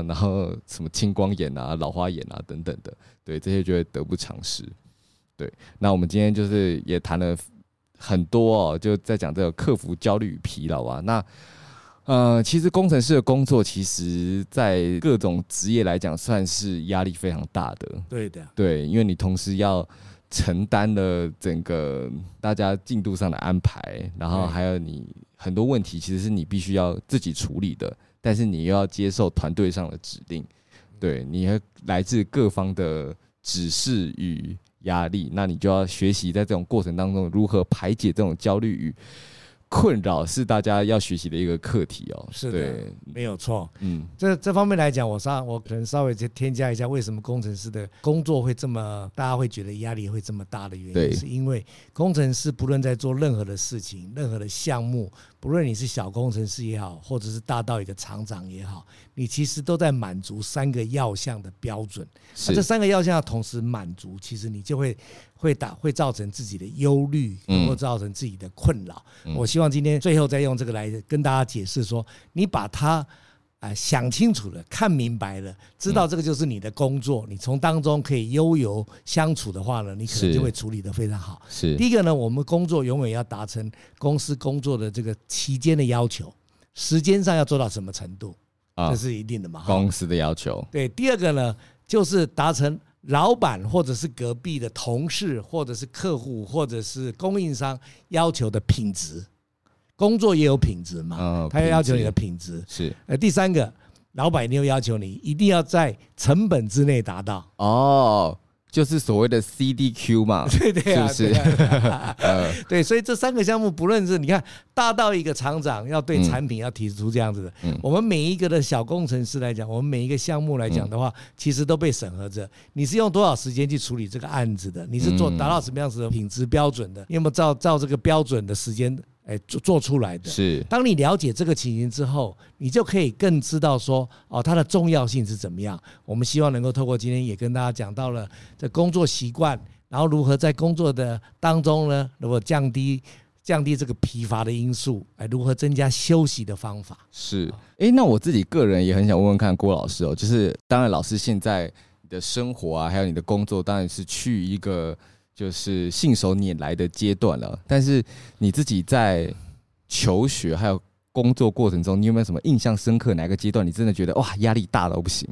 然後什麼青光眼啊、老花眼啊等等的，對，這些就會得不償失。對，那我們今天就是也談了。很多哦，就在講這個克服焦慮與疲勞啊。那呃，其實工程師的工作，其實在各種職業來講，算是壓力非常大的。對的，對，因為你同時要承擔了整個大家進度上的安排，然後還有你很多問題，其實是你必須要自己處理的。但是你又要接受團隊上的指令，對，你來自各方的指示與。壓力，那你就要學習在這種過程當中如何排解這種焦慮與。困擾是大家要學習的一個課題哦、喔，是的，對，沒有錯，嗯，這這方面來講，我稍我可能稍微再添加一下，為什麼工程師的工作會這麼，大家會覺得壓力會這麼大的原因，是因為工程師不論在做任何的事情，任何的項目，不論你是小工程師也好，或者是大到一個廠長也好，你其實都在滿足三個要項的標準，啊，那這三個要項要同時滿足，其實你就會會打會造成自己的憂慮，或造成自己的困擾。我希望。希望今天最後再用這個來跟大家解釋：說你把它啊、呃、想清楚了，看明白了，知道這個就是你的工作，嗯、你從當中可以悠游相處的話呢，你可能就會處理得非常好。是第一個呢，我們工作永遠要達成公司工作的這個期間的要求，時間上要做到什麼程度，這是一定的嘛、哦？公司的要求對。第二個呢，就是達成老板或者是隔壁的同事，或者是客戶，或者是供應商要求的品質。工作也有品質嘛，他要求你的品質、哦、是。第三個，老板又要，要求你一定要在成本之內達到。哦，就是所謂的 CDQ 嘛，對，對對啊，對。所以這三個項目，不論是你看大到一個廠長要對產品要提出這樣子的，我們每一個的小工程師來講，我們每一個項目來講的話，其實都被審核着。你是用多少時間去處理這個案子的？你是做達到什麼樣子的品質標準的有沒有？要麼照照這個標準的時間？誒，做做出來的。是，當你了解這個情形之後，你就可以更知道說，哦，它的重要性是怎麼樣。我們希望能夠透過今天也跟大家講到了這工作習慣，然後如何在工作的當中呢，如何降低降低這個疲乏的因素，誒，如何增加休息的方法。是，誒、欸，那我自己個人也很想問問看郭老師哦，就是當然老師現在的生活啊，還有你的工作，當然是去一個。就是信手拈來的階段了，但是你自己在求學還有工作過程中，你有沒有什麼印象深刻？哪個階段你真的覺得哇，壓力大到不行？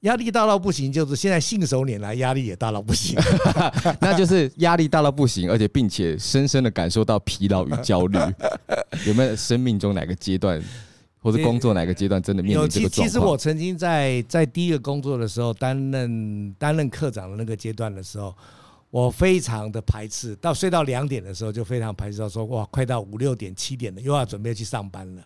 壓力大到不行，就是現在信手拈來，壓力也大到不行。那就是壓力大到不行， 而且並且深深的感受到疲勞與焦慮。有沒有生命中哪個階段，或者工作哪個階段真的面臨這個狀況？其實我曾經在在第一個工作的時候，擔任擔任課長的那個階段的時候。我非常的排斥，到睡到兩點的時候就非常排斥，到說哇，快到五六點、七點了，又要準備去上班了。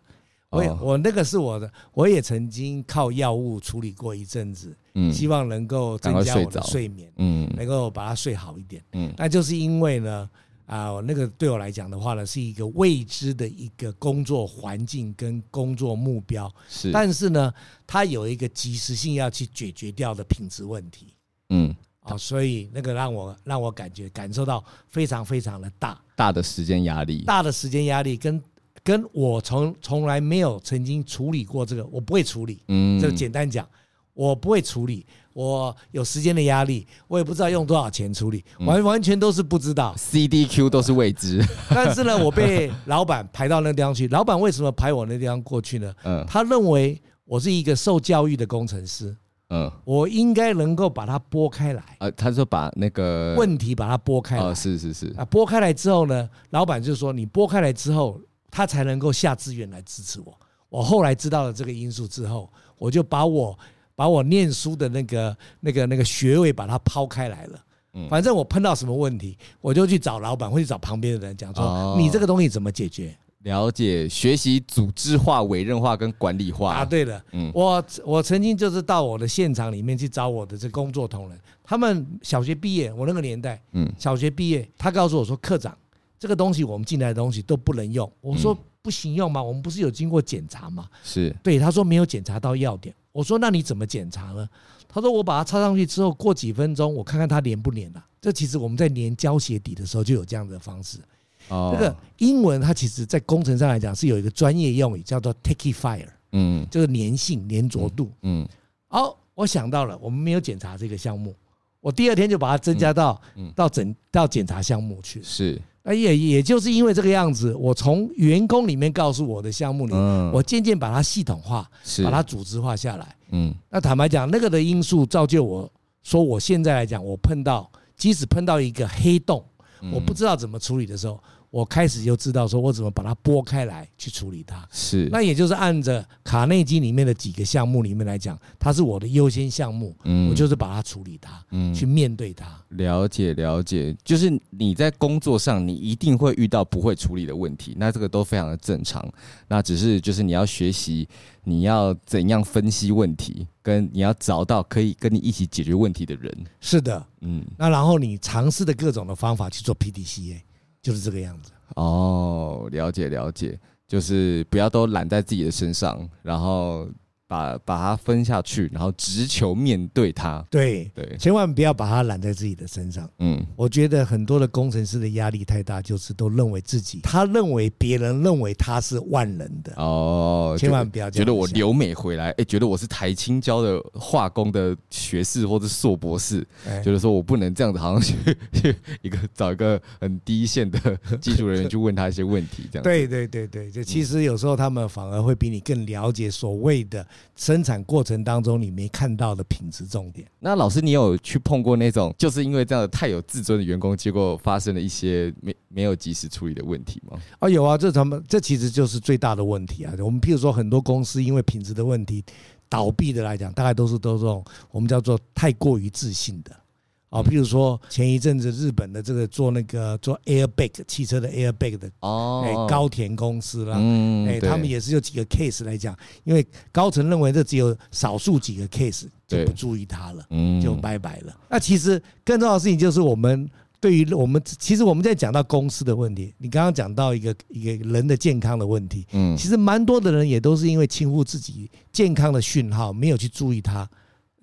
我也、哦、我那個是我的，我也曾經靠藥物處理過一陣子，希望能夠增加我的睡眠，嗯，能夠把它睡好一點。嗯，那就是因為呢，啊，那個對我來講的話呢，是一個未知的一個工作環境跟工作目標，是，但是呢，它有一個即時性要去解決掉的品質問題，嗯。嗯啊、哦，所以那個讓我讓我感覺感受到非常非常的大大的時間壓力，大的時間壓力跟跟我從從來沒有曾經處理過這個，我不會處理。嗯，就簡單講，我不會處理，我有時間的壓力，我也不知道用多少錢處理，完、嗯、完全都是不知道，CDQ 都是未知。 但是呢，我被老闆排到那地方去， 老闆為什麼排我那地方過去呢？嗯、呃，他認為我是一個受教育的工程師。嗯，我應該能夠把它撥開來。呃、啊，他說把那個問題把它撥開來。啊、哦，是是是。啊，撥開來之後呢，老闆就說你撥開來之後，他才能夠下資源來支持我。我後來知道了這個因素之後，我就把我把我唸書的那個那個那個學位把它拋開來了。嗯、反正我碰到什麼問題，我就去找老闆，或去找旁邊的人講說，哦、你這個東西怎麼解決？了解、學習、組織化、委任化跟管理化啊。啊對了，嗯我，我我曾經就是到我的現場裡面去找我的這工作同仁，他們小學畢業，我那個年代，嗯，小學畢業，他告訴我說，課長，這個東西我們進來的東西都不能用。我說不行用嗎？我們不是有經過檢查嗎？是、嗯、對，他說沒有檢查到要點。我說那你怎麼檢查呢？他說我把它插上去之後，過幾分鐘我看看它粘不粘了、啊。這其實我們在粘膠鞋底的時候就有這樣的方式。這、哦、個英文它其實在工程上來講是有一個專業用語叫做 tackifier，嗯，嗯，就是粘性、粘着度，嗯。哦，我想到了，我們沒有檢查這個項目，我第二天就把它增加到，嗯到，到整到檢查項目去。是，那也也就是因為這個樣子，我從員工裡面告訴我的項目裡面，嗯、我漸漸把它系統化，是，把它組織化下來，嗯。那坦白講，那個的因素造就我說我現在來講，我碰到，即使碰到一個黑洞，我不知道怎麼處理的時候。嗯我開始就知道，說我怎麼把它撥開來去處理它。是，那也就是按着卡內基裡面的幾個項目裡面來講，它是我的優先項目。嗯，我就是把它處理它，嗯，去面對它。了解，了解，就是你在工作上，你一定會遇到不會處理的問題，那這個都非常的正常。那只是就是你要學習，你要怎樣分析問題，跟你要找到可以跟你一起解決問題的人。嗯、是的，嗯。那然後你嘗試的各種的方法去做 P D C A。就是這個樣子哦，了解，了解，就是不要都攬在自己的身上，然後。把把它分下去，然後直球面對他，對對，對，千萬不要把他攬在自己的身上。嗯，我覺得很多的工程師的壓力太大，就是都認為自己，他認為別人認為他是萬能的哦，千萬不要覺得我留美回來，哎、欸，覺得我是台清交的化工的學士或者碩博士，哎、覺得說我不能這樣子，好像去，去一個找一個很低線的技術人員去問他一些問題， 這樣子。對對對對，就其實有時候他們反而會比你更了解所謂的。生產過程當中你沒看到的品質重點，那老師你有去碰過那種就是因為這樣的太有自尊的員工，結果發生了一些沒沒有及時處理的問題嗎？啊，有啊，這他們這其實就是最大的問題啊。我們譬如說很多公司因為品質的問題倒閉的來講，大概都是都是這種我們叫做太過於自信的。啊，比如說前一陣子日本的這個做那個做 airbag 汽車的 airbag 的哦，高田公司啦，哎他們也是有幾個 case 來講，因為高層認為這只有少數幾個 case 就不注意它了，嗯，就拜拜了。那其實更重要的事情就是我們對於我們其實我們在講到公司的問題，你剛剛講到一個一個人的健康的問題，嗯，其實蠻多的人也都是因為輕忽自己健康的訊號，沒有去注意它，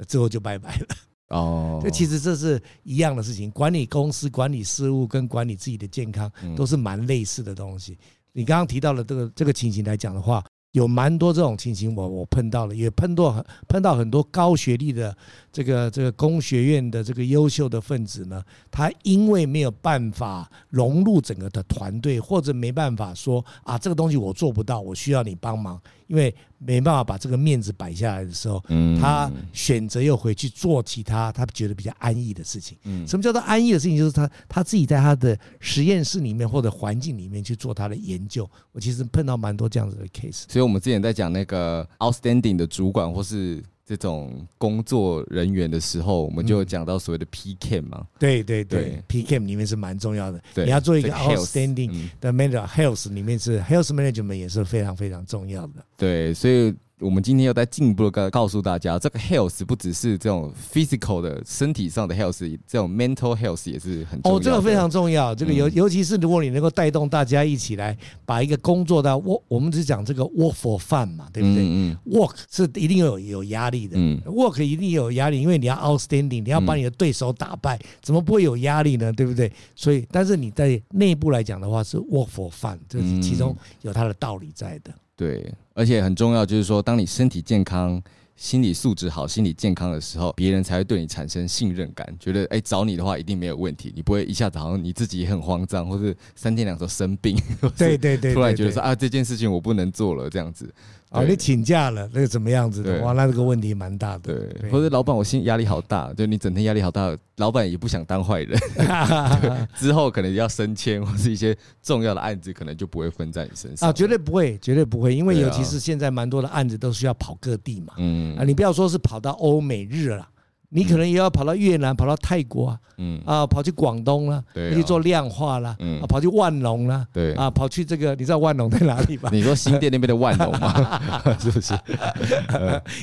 之後就拜拜了。哦，這其實這是一樣的事情，管理公司、管理事務跟管理自己的健康都是蠻類似的東西。你剛剛提到了這個這個情形來講的話，有蠻多這種情形，我我碰到了，也碰到很碰到很多高學歷的這個這個工學院的這個優秀的分子呢，他因為沒有辦法融入整個的團隊，或者沒辦法說啊，這個東西我做不到，我需要你幫忙。因為沒辦法把這個面子擺下來的時候，嗯，他選擇又回去做其他他覺得比較安逸的事情。嗯，什麼叫做安逸的事情？就是他他自己在他的實驗室裡面或者環境裡面去做他的研究。我其實碰到蠻多這樣子的 case。所以，我們之前在講那個 outstanding 的主管，或是。這種工作人員的時候，我們就有講到所謂的 P K 嘛、嗯，對對對，對，P K 裡面是蠻重要的。對你要做一個 outstanding 的 manager，health 裡面是 health management 也是非常非常重要的，對，所以。我們今天又在進一步的告訴大家，這個 health 不只是這種 physical 的身體上的 health，這種 mental health 也是很重要的。的、哦。這個非常重要。這個尤、嗯、尤其是如果你能夠帶動大家一起來把一個工作到我我們只講這個 work for fun 嘛，對不對、嗯嗯、？work 是一定有有壓力的、嗯、，work 一定有壓力，因為你要 outstanding，你要把你的對手打敗，嗯、怎麼不會有壓力呢？對不對？所以，但是你在內部來講的話，是 work for fun，就是其中有它的道理在的。嗯對，而且很重要，就是說，當你身體健康、心理素質好、心理健康的時候，別人才會對你產生信任感，覺得哎、欸，找你的話一定沒有問題。你不會一下子好像你自己很慌張，或是三天兩頭生病，對對對，突然覺得說啊，這件事情我不能做了，這樣子。好對、哦、你請假了，那個、怎麼樣子的？對哇，那這個問題蠻大的。對，或者對老闆，我心壓力好大，就你整天壓力好大，老闆也不想當壞人。 之後可能要升遷，或是一些重要的案子，可能就不會分在你身上。啊，絕對不會，絕對不會，因為尤其是現在蠻多的案子都需要跑各地嘛。嗯啊，啊，你不要說是跑到歐美日了啦。你可能也要跑到越南，跑到泰國啊，啊，跑去廣東了，你去做量化了，跑去萬隆了，啊，跑去這個，你知道萬隆在哪裡嗎？你說新店那邊的萬隆嗎？是不是？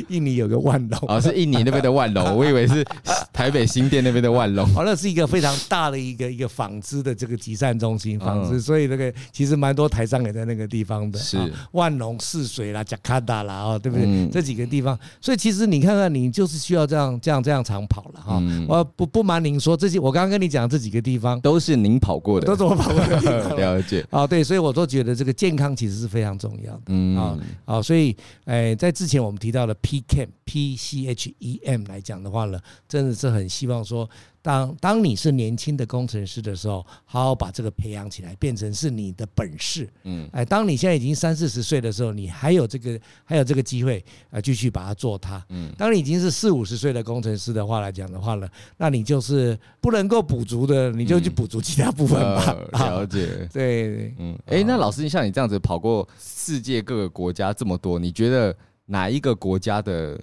印尼有個萬隆啊，是印尼那邊的萬隆，我以為是台北新店那邊的萬隆。好，那是一個非常大的一個一個紡織的這個集散中心，紡織，所以那個其實蠻多台商也在那個地方的。是萬隆泗水啦，雅加達啦，哦，對不對？這幾個地方，所以其實你看看，你就是需要這樣這樣這樣。這樣長跑了哈，我不不瞞您說，這些我剛剛跟你講這幾個地方都是您跑過的，都是我跑過的。了， 了解啊，對，所以我都覺得這個健康其實是非常重要的啊啊，所以哎，在之前我們提到了 P K P C H E M 來講的話呢，真的是很希望說。當當你是年輕的工程師的時候，好好把這個培養起來，變成是你的本事。嗯，哎，當你現在已經三四十歲的時候，你還有這個，還有這個機會，呃，啊，繼續把它做它。嗯，當你已經是四五十歲的工程師的話來講的話呢，那你就是不能夠補足的，你就去補足其他部分吧。嗯，呃，了解，啊，對，對，嗯，哎，欸，那老師，像你這樣子跑過世界各個國家這麼多，你覺得哪一個國家的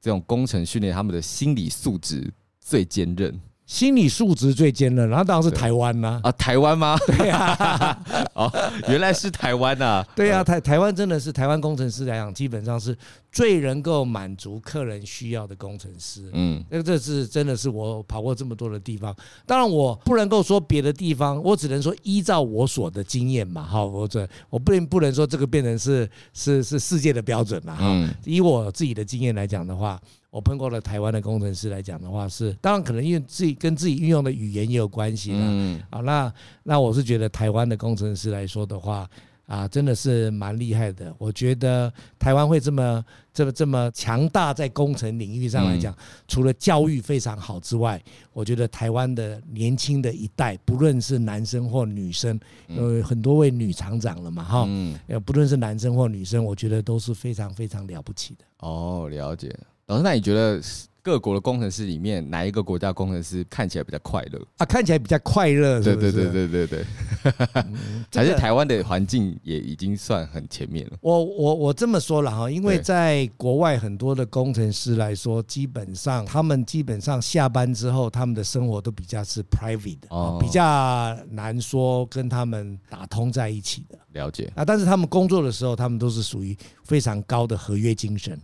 這種工程訓練，他們的心理素質最堅韌？心理素質最堅韌。然後當然是台灣啦、啊。啊，台灣嗎？對呀、啊。 哦，原來是台灣吶、啊。對呀、啊，台台灣真的是台灣工程師來講，基本上是最能夠滿足客人需要的工程師。嗯，那這是真的是我跑過這麼多的地方，當然我不能夠說別的地方，我只能說依照我所的經驗嘛。好，我這我不能不能說這個變成是是是世界的標準了哈。嗯、以我自己的經驗來講的話。我碰過了台灣的工程師來講的話，是當然可能因為自己跟自己運用的語言也有關係了。好，那那我是覺得台灣的工程師來說的話，啊，真的是蠻厲害的。我覺得台灣會這麼這麼這麼強大，在工程領域上來講，除了教育非常好之外，我覺得台灣的年輕的一代，不論是男生或女生，因為很多位女廠長了嘛，哈，不論是男生或女生，我覺得都是非常非常了不起的。哦，了解。老師，那你覺得各國的工程師裡面，哪一個國家工程師看起來比較快樂？啊，看起來比較快樂。對對對對對對，嗯這個、還是台灣的環境也已經算很前面了。我我我這麼說了哈，因為在國外很多的工程師來說，對基本上他們基本上下班之後，他們的生活都比較是 private 的，哦，比較難說跟他們打通在一起的。了解啊，但是他們工作的時候，他們都是屬於非常高的合約精神。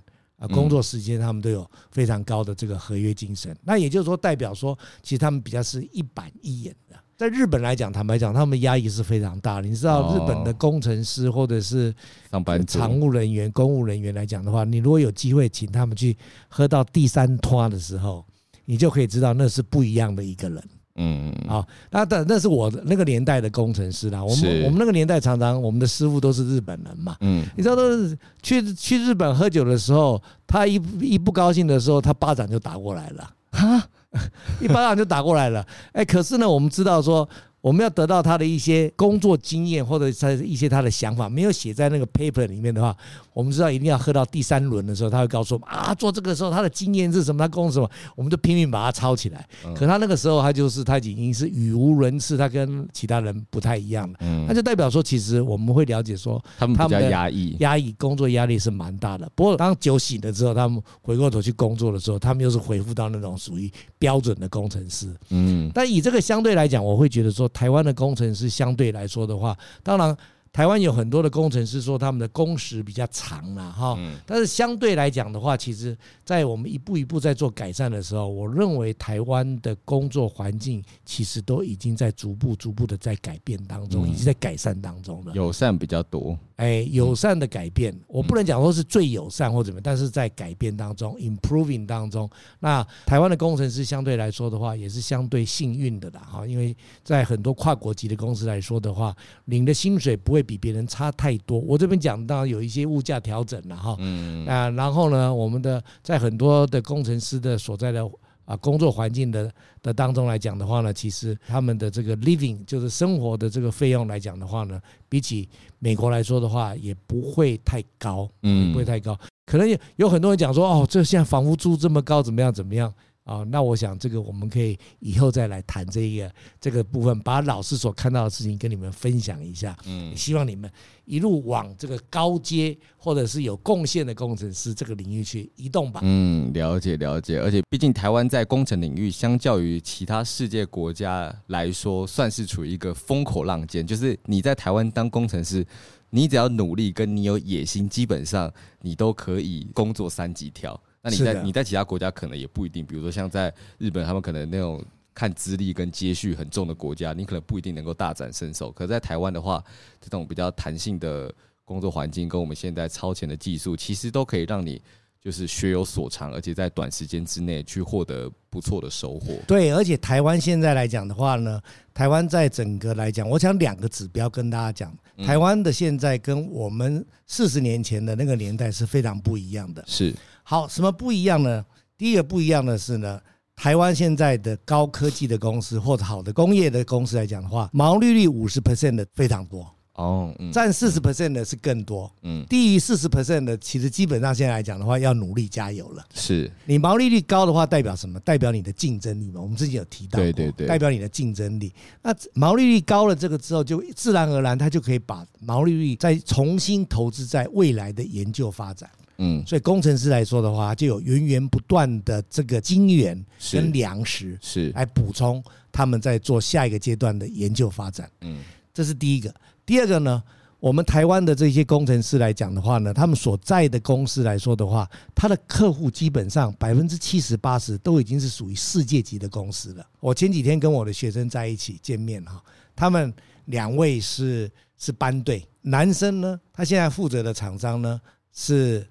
工作時間他們都有非常高的這個合約精神，那也就是說代表說，其實他們比較是一板一眼的。在日本來講，坦白講，他們壓抑是非常大的。你知道，日本的工程師或者是上班族、常務人員、公務人員來講的話，你如果有機會請他們去喝到第三攤的時候，你就可以知道那是不一樣的一個人。嗯嗯，好，那但那是我那個年代的工程師啦。我們是 我們那個年代常常我們的師傅都是日本人嘛。嗯，你知道，都是去去日本喝酒的時候，他一一不高興的時候，他巴掌就打過來了哈， 一巴掌就打過來了。哎，可是呢，我們知道說，我們要得到他的一些工作經驗，或者在一些他的想法沒有寫在那個 paper 裡面的話，我們知道一定要喝到第三輪的時候，他會告訴我們啊，做這個時候他的經驗是什麼，他工作什麼，我們就拼命把它抄起來。可他那個時候，他就是他已經是語無倫次，他跟其他人不太一樣了。那就代表說，其實我們會了解說，他們比較壓抑，壓抑工作壓力是蠻大的。不過當酒醒了之後，他們回過頭去工作的時候，他們又是恢復到那種屬於標準的工程師。嗯，但以這個相對來講，我會覺得說。台灣的工程師相對來說的話，當然。台灣有很多的工程師說他們的工時比較長了哈，但是相對來講的話，其實，在我們一步一步在做改善的時候，我認為台灣的工作環境其實都已經在逐步、逐步的在改變當中，已經在改善當中了。友善比較多，哎，友善的改變，我不能講說是最友善或怎麼，但是在改變當中，improving 當中，那台灣的工程師相對來說的話，也是相對幸運的啦。哈，因為在很多跨國級的公司來說的話，領的薪水不會。比別人差太多。我這邊講到有一些物價調整了哈。嗯，嗯啊，然後呢，我們的在很多的工程師的所在的啊工作環境的的當中來講的話呢，其實他們的這個 living 就是生活的這個費用來講的話呢，比起美國來說的話，也不會太高。嗯，嗯，不會太高。可能有有很多人講說，哦，這現在房屋租這麼高，怎麼樣怎麼樣？哦，那我想這個我們可以以後再來談這一個這個部分，把老師所看到的事情跟你們分享一下。嗯，希望你們一路往這個高階或者是有貢獻的工程師這個領域去移動吧。嗯，了解，了解，而且畢竟台灣在工程領域相較於其他世界國家來說，算是處於一個風口浪尖。就是你在台灣當工程師，你只要努力跟你有野心，基本上你都可以工作三級跳。那你在是的 你在其他國家可能也不一定，比如說像在日本，他們可能那種看資歷跟接續很重的國家，你可能不一定能夠大展身手。可是在台灣的話，這種比較彈性的工作環境跟我們現在超前的技術，其實都可以讓你就是學有所長，而且在短時間之內去獲得不錯的收穫。對，而且台灣現在來講的話呢，台灣在整個來講，我想兩個指標跟大家講，台灣的現在跟我們四十年前的那個年代是非常不一樣的。嗯、是。好，什麼不一樣呢？第一個不一樣的是呢，台灣現在的高科技的公司或者，好的工業的公司來講的話，毛利率五十 percent 的非常多。哦，占四十 percent 的是更多，嗯，低於四十 percent 的，其實基本上現在來講的話，要努力加油了。是，你毛利率高的話，代表什麼？代表你的競爭力嘛？我們之前有提到，對對對，代表你的競爭力。那毛利率高了，這個之後就自然而然，它就可以把毛利率再重新投資在未來的研究發展。嗯，所以工程師來說的話，就有源源不斷的這個金源跟糧食，是來補充他們在做下一個階段的研究發展。嗯，這是第一個。第二個呢，我們台灣的這些工程師來講的話呢，他們所在的公司來說的話，他的客戶基本上百分之七十八十都已經是屬於世界級的公司了。我前幾天跟我的學生在一起見面哈，他們兩位是是班隊男生呢，他現在負責的廠商呢是。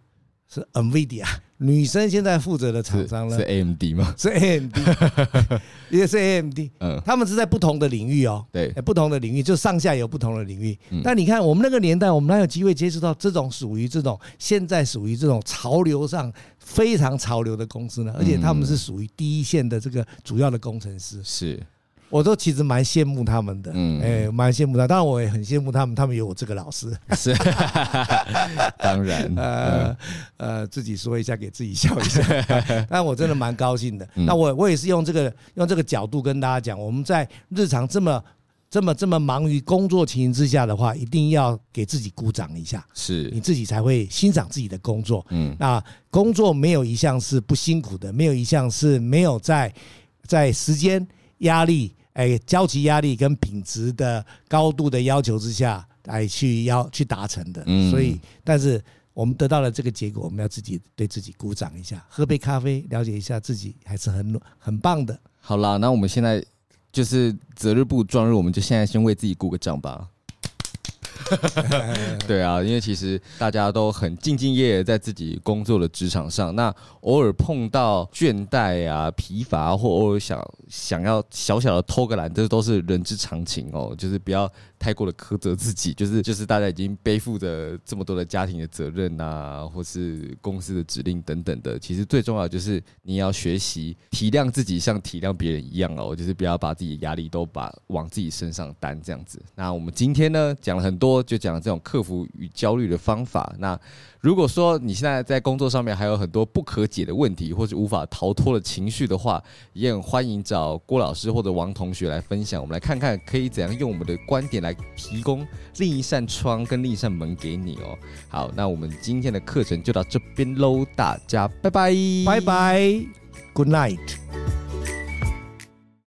是 NVIDIA 女生現在負責的廠商呢，是，是 AMD 嗎？是 AMD， 也是 AMD。嗯，他們是在不同的領域哦、喔，對、欸，不同的領域就上下有不同的領域。對嗯、但你看我們那個年代，我們哪有機會接觸到這種屬於這種現在屬於這種潮流上非常潮流的公司呢？而且他們是屬於第一線的這個主要的工程師、嗯、是。我都其實蠻羨慕他們的，嗯，哎、欸，蠻羨慕他們。當然，我也很羨慕他們，他們有我這個老師。是 當然，呃，呃，自己說一下，給自己笑一下。 但，我真的蠻高興的。嗯、那我，我也是用這個用這個角度跟大家講，我們在日常這麼這麼這麼忙於工作情形之下的話，一定要給自己鼓掌一下，是，你自己才會欣賞自己的工作。嗯，那工作沒有一項是不辛苦的，沒有一項是沒有在在時間壓力。哎，焦急壓力跟品質的高度的要求之下，來去要去達成的。嗯、所以，但是我們得到了這個結果，我們要自己對自己鼓掌一下，喝杯咖啡，了解一下自己還是很很棒的。好啦，那我們現在就是擇日不如撞日，我們就現在先為自己鼓個掌吧。 對啊，因為其實大家都很兢兢業業在自己工作的職場上，那偶爾碰到倦怠啊、疲乏啊，或偶爾想想要小小的偷個懶，這都是人之常情哦，就是不要。太過的苛責自己，就是就是大家已經背負着這麼多的家庭的責任啊，或是公司的指令等等的。其實最重要的就是你要學習體諒自己，像體諒別人一樣哦，就是不要把自己的壓力都把往自己身上擔這樣子。那我們今天呢，講了很多，就講這種克服與焦慮的方法。那如果說你現在在工作上面還有很多不可解的問題，或是無法逃脫的情緒的話，也很歡迎找郭老師或者王同學來分享。我們來看看可以怎樣用我們的觀點來提供另一扇窗跟另一扇門給你哦。好，那我們今天的課程就到這邊嘍，大家拜拜，拜拜，Good night。